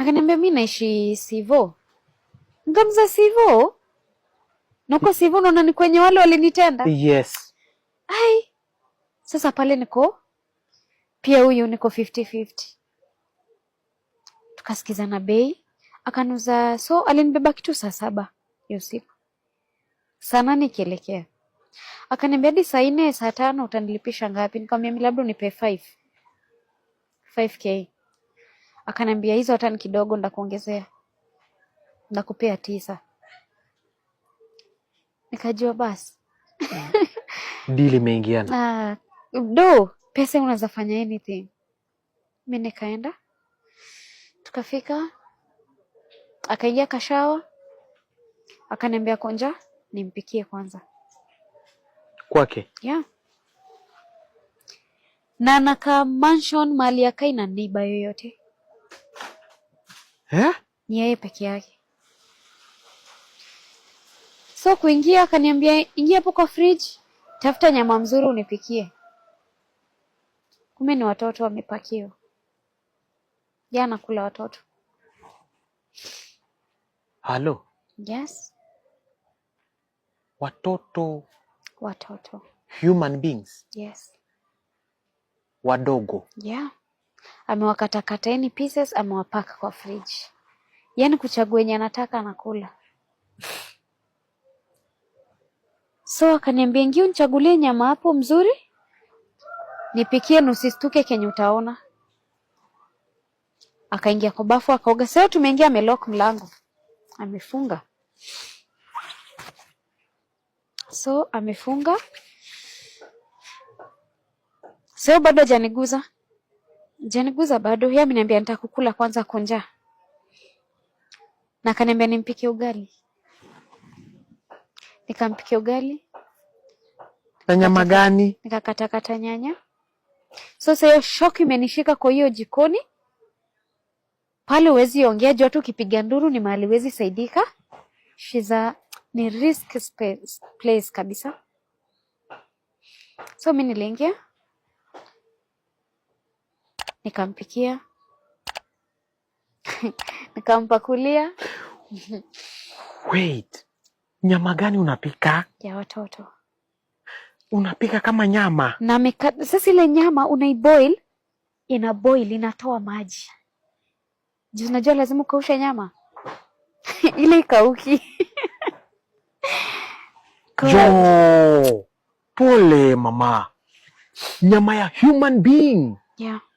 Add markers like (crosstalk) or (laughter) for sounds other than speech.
Akaniambia mi naishi Sivo. Ngamza Sivo? Na Sivo unaona ni kwenye wale walinitenda? Yes. Ai. Sasa pale niko pia huyu niko 50 50. Tukasikizana bei, akanuza so alinibeba kitu saa saba hiyo siku Saa nane ikielekea. Akaniambia hadi saa nne saa tano utanilipisha ngapi? Nikamwambia labda unipe 5. 5k. Akaniambia hizo hata ni kidogo, ndakuongezea, ndakupea tisa. Nikajua basi mm. dili imeingiana. (laughs) Ah, do pesa unaweza fanya anything. Mi nikaenda tukafika, akaingia kashawa, akaniambia konja nimpikie kwanza kwake yeah. na nakaa mansion mali yakaina na neiba yoyote eh? Ni yeye peke yake. So kuingia akaniambia, ingia hapo kwa fridge, tafuta nyama mzuri unipikie. Kumbe ni watoto wamepakiwa. Jana kula watoto. Halo. Yes. Watoto. Watoto. Human beings. Yes. Wadogo. Yeah amewakatakata pieces, amewapaka kwa friji, yaani kuchagua yenye anataka anakula. So akaniambia ngio, nichagulie nyama hapo mzuri, nipikie nusistuke kenye utaona. Akaingia kwa bafu akaoga. Sasa tumeingia, amelock mlango, amefunga. So amefunga, sio bado hajaniguza janiguza bado. Yeye ameniambia nitakukula kwanza konja, na kaniambia nimpike ugali, nikampike ugali na nyama gani, nikakatakata nyanya. Sasa hiyo shoki imenishika kwa hiyo jikoni pale, uwezi ongea juu, tu ukipiga nduru ni mahali uwezi saidika. Shiza ni risk place kabisa, so mi niliingia nikampikia (laughs) nikampakulia. Wait, nyama gani unapika? Ya watoto unapika kama nyama na meka... Sasa ile nyama unaiboil, ina boil inatoa maji juu unajua lazima ukausha nyama (laughs) ile ikauki. Jo, (laughs) pole mama, nyama ya human being yeah.